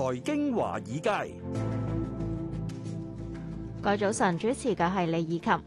財經華爾街，各位早晨，主持嘅係李爾琴。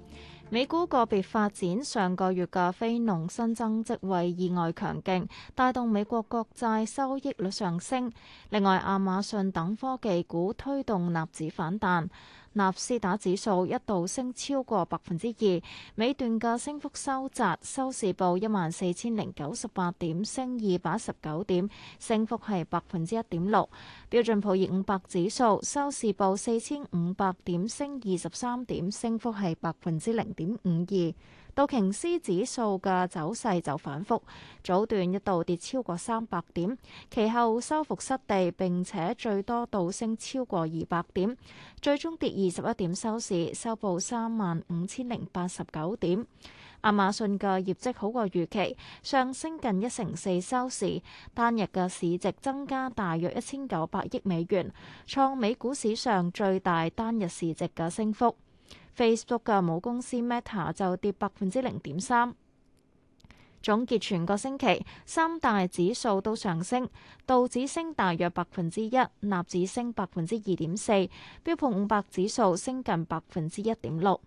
美股個別發展，上個月嘅非農新增職位意外強勁，帶動美國國債收益率上升。另外，亞馬遜等科技股推動納指反彈。納斯達指數一度升超過百分之二，尾段嘅升幅收窄，收市報一萬四千零九十八點，升二百十九點，升幅係百分之一點六。標準普爾五百指數收市報四千五百點，升二十三點，升幅係百分之零點五二。道瓊斯指數嘅走勢就反覆，早段一度跌超過三百點，其後收復失地，並且最多倒升超過二百點，最終跌二十一點收市，收報三萬五千零八十九點。亞馬遜嘅業績好過預期，上升近一成四收市，單日嘅市值增加大約一千九百億美元，創美股史上最大單日市值嘅升幅。Facebook 嘅母公司 Meta 就跌百分之零點三。總結全個星期，三大指數都上升，道指升大約百分之一，納指升百分之二點四，標普五百指數升近百分之一點六。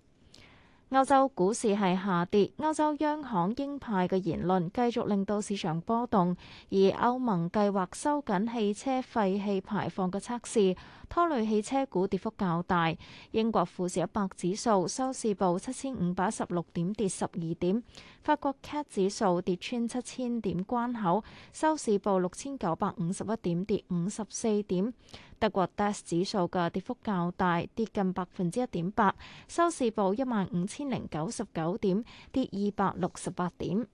歐洲股市係下跌，歐洲央行鷹派嘅言論繼續令到市場波動，而歐盟計劃收緊汽車廢氣排放嘅測試，拖累汽車股跌幅較大。英國富時一百指數收市報七千五百十六點，跌十二點。法國 CAC 指數跌穿七千點關口，收市報六千九百五十一點，跌五十四點。德國 DAX 指數嘅跌幅較大，跌近百分之一點八，收市報一萬五千零九十九點，跌二百六十八點。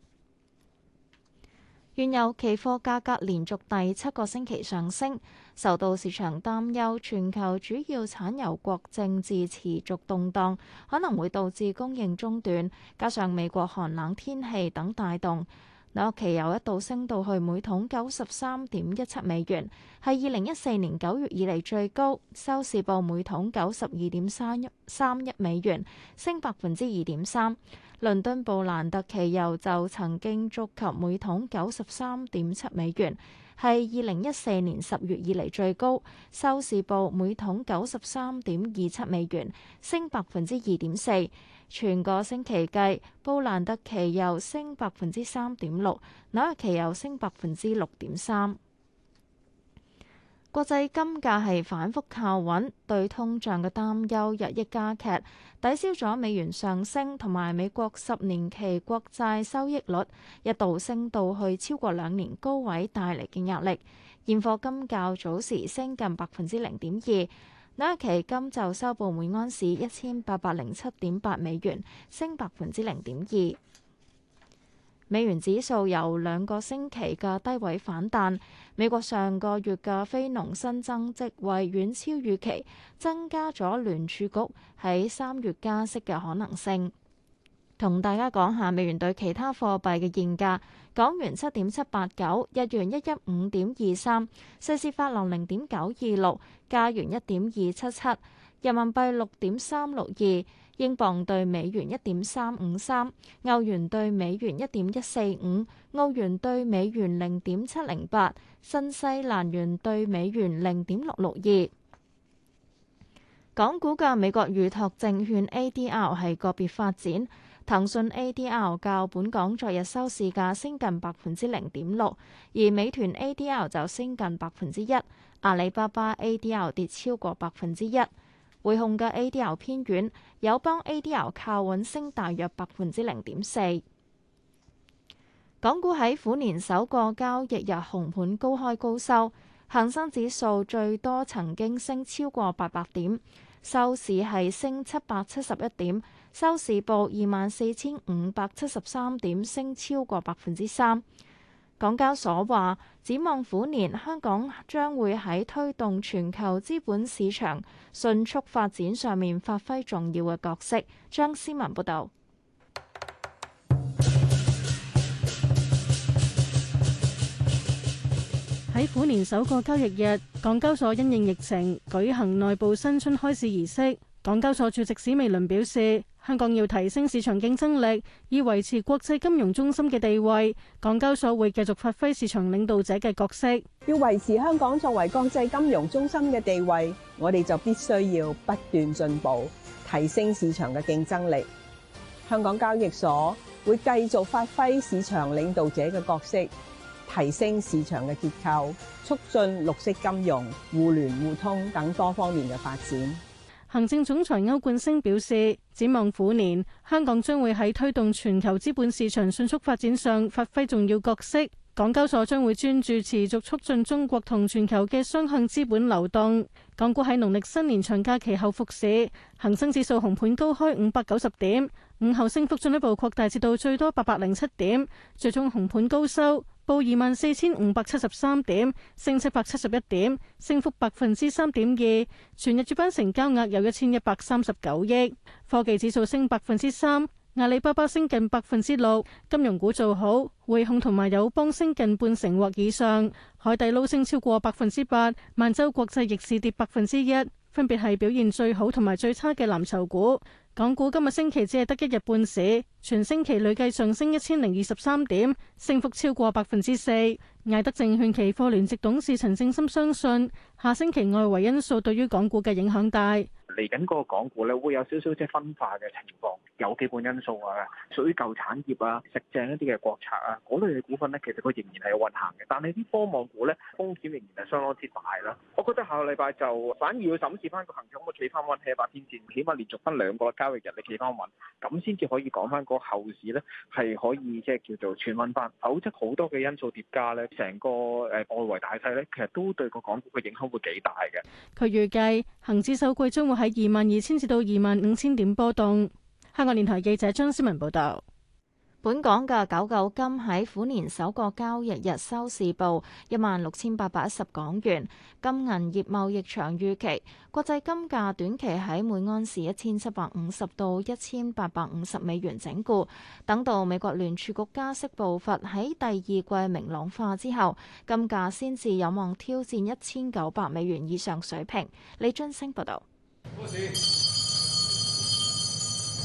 原油期貨價格連續第七個星期上升，受到市場擔憂，全球主要產油國政治持續動盪，可能會導致供應中斷，加上美國寒冷天氣等帶動。紐約期油一度升到去每桶九十三點一七美元，係二零一四年九月以嚟最高，收市報每桶九十二點三一三一美元，升百分之二點三。倫敦布蘭特期油就曾經觸及每桶九十三點七美元，係二零一四年十月以嚟最高，收市報每桶九十三點二七美元，升百分之二點四。全個星期計，布蘭特期油升百分之三點六，紐約期油升百分之六點三。國際金價係反覆靠穩，對通脹嘅擔憂日益加劇，抵消咗美元上升同埋美國十年期國債收益率一度升到去超過兩年高位帶嚟嘅壓力。現貨金較早時升近百分之零點二。呢一期金就收報每安士一千八百零七點八美元，升百分之零點二。美元指數由兩個星期嘅低位反彈，美國上個月嘅非農新增職位遠超預期，增加咗聯儲局喺三月加息嘅可能性。同大家講下美元對其他貨幣嘅現價：港元七點七八九，日元一一五點二三，瑞士法郎零點九二六，加元一點二七七，人民幣六點三六二，英鎊兌美元一點三五三，歐元兌美元一點一四五，澳元兌美元零點七零八，新西蘭元兌美元零點六六二。港股嘅美國預託證券 ADR 係個別發展。騰訊 ADR 較本港昨日收市價升近百分之零點六，而美團 ADR 就升近百分之一，阿里巴巴 ADR 跌超過百分之一。匯控嘅 ADR 偏軟，友邦 ADR 靠穩升大約百分之零點四。港股喺虎年首個交易日紅盤高開高收，恒生指數最多曾經升超過八百點，收市係升七百七十一點。收市報二萬四千五百七十三點，升超過百分之三。港交所話：展望虎年，香港將會喺推動全球資本市場迅速發展上面發揮重要嘅角色。張思文報導。喺虎年首個交易日，港交所因應疫情舉行內部新春開市儀式。港交所主席史美倫表示：香港要提升市場競爭力，以維持國際金融中心嘅地位。港交所會繼續發揮市場領導者嘅角色。要維持香港作為國際金融中心嘅地位，我哋就必須要不斷進步，提升市場嘅競爭力。香港交易所會繼續發揮市場領導者嘅角色，提升市場嘅結構，促進綠色金融、互聯互通等多方面嘅發展。行政總裁歐冠昇表示，展望虎年，香港將會喺推動全球資本市場迅速發展上發揮重要角色。港交所將會專注持續促進中國同全球嘅雙向資本流動。港股喺農曆新年長假期後復市，恒生指數紅盤高開五百九十點，午後升幅進一步擴大至到最多八百零七點，最終紅盤高收。報二萬四千五百七十三點，升七百七十一點，升幅百分之三點二。全日主板成交額有一千一百三十九億。科技指數升百分之三，阿里巴巴升近百分之六。金融股做好，匯控同埋友邦升近半成或以上，海底撈升超過百分之八，萬洲國際逆市跌百分之一。分別係表現最好同埋最差嘅藍籌股。港股今日星期只係得一日半市，全星期累計上升一千零二十三點，升幅超過百分之四。艾德證券期貨聯席董事陳正深相信，下星期外圍因素對於港股嘅影響大。嚟緊嗰個港股咧，會有少少即係分化嘅情況。有基本因素啊，屬於舊產業啊、食正一啲嘅國策啊，嗰類嘅股份咧，其實佢仍然係有運行嘅。但係啲科網股咧，風險仍然係相當之大啦。我覺得下個禮拜就反而要審視翻個行情，咁企翻穩睇下百天線，起碼連續翻兩個交易日嚟企翻穩，咁先至可以講翻嗰後市咧係可以即係叫做串穩翻。否則好多嘅因素疊加咧，成個誒外圍大勢咧，其實都對個港股嘅影響會幾大嘅。佢預計。恒指首季將會喺二萬二千至到二萬五千點波動。香港電台記者張思文報道。本港嘅九九金喺虎年首個交易日收市報一萬六千八百一十港元。金銀業貿易場預期，國際金價短期喺每盎司一千七百五十到一千八百五十美元整固。等到美國聯儲局加息步伐喺第二季明朗化之後，金價先至有望挑戰一千九百美元以上水平。李津升報道。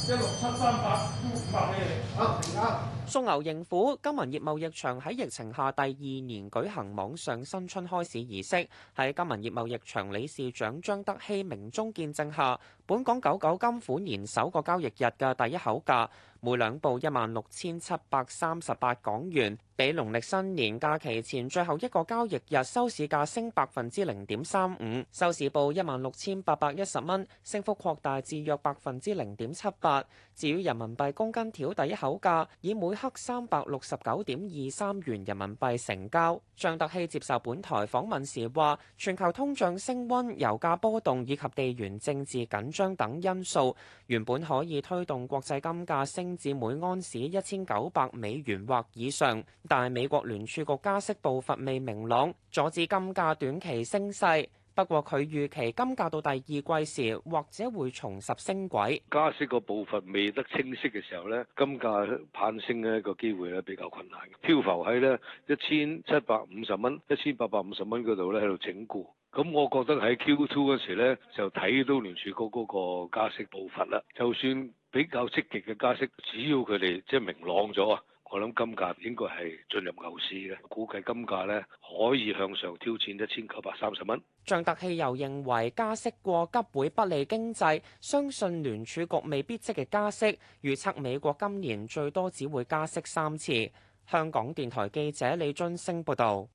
一六七三八，五百蚊嚟。啊，成交！送牛迎虎，金銀業貿易場喺疫情下第二年舉行網上新春開市儀式。喺金銀業貿易場理事長張德熙明中見證下，本港九九金虎年首個交易日嘅第一口價每兩報一萬六千七百三十八港元，比農曆新年假期前最後一個交易日收市價升百分之零點三五，收市報一萬六千八百一十蚊，升幅擴大至約百分之零點七八。至於人民幣公斤條第一口價，以每克三百六十九點二三元人民幣成交。張德熙接受本台訪問時話，全球通脹升溫、油價波動以及地緣政治緊張等因素，原本可以推動國際金價升。增至每安士一千九百美元或以上，但美國聯儲局加息步伐未明朗，阻止金價短期升勢。不過佢預期金價到第二季時，或者會重拾升軌。加息個步伐未得清晰嘅時候咧，金價攀升咧個機會咧比較困難。漂浮喺咧一千七百五十蚊、一千八百五十蚊嗰度咧喺度整固。咁我覺得喺 Q two 嗰時咧就睇到聯儲局嗰個加息步伐啦。就算比較積極嘅加息，只要佢哋即係明朗咗啊！我諗金價應該係進入牛市嘅，估計金價呢可以向上挑戰一千九百三十蚊。橡特氣油認為加息過急會不利經濟，相信聯儲局未必積極加息，預測美國今年最多只會加息三次。香港電台記者李津星報道。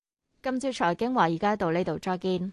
今朝財經華爾街到呢度，再見。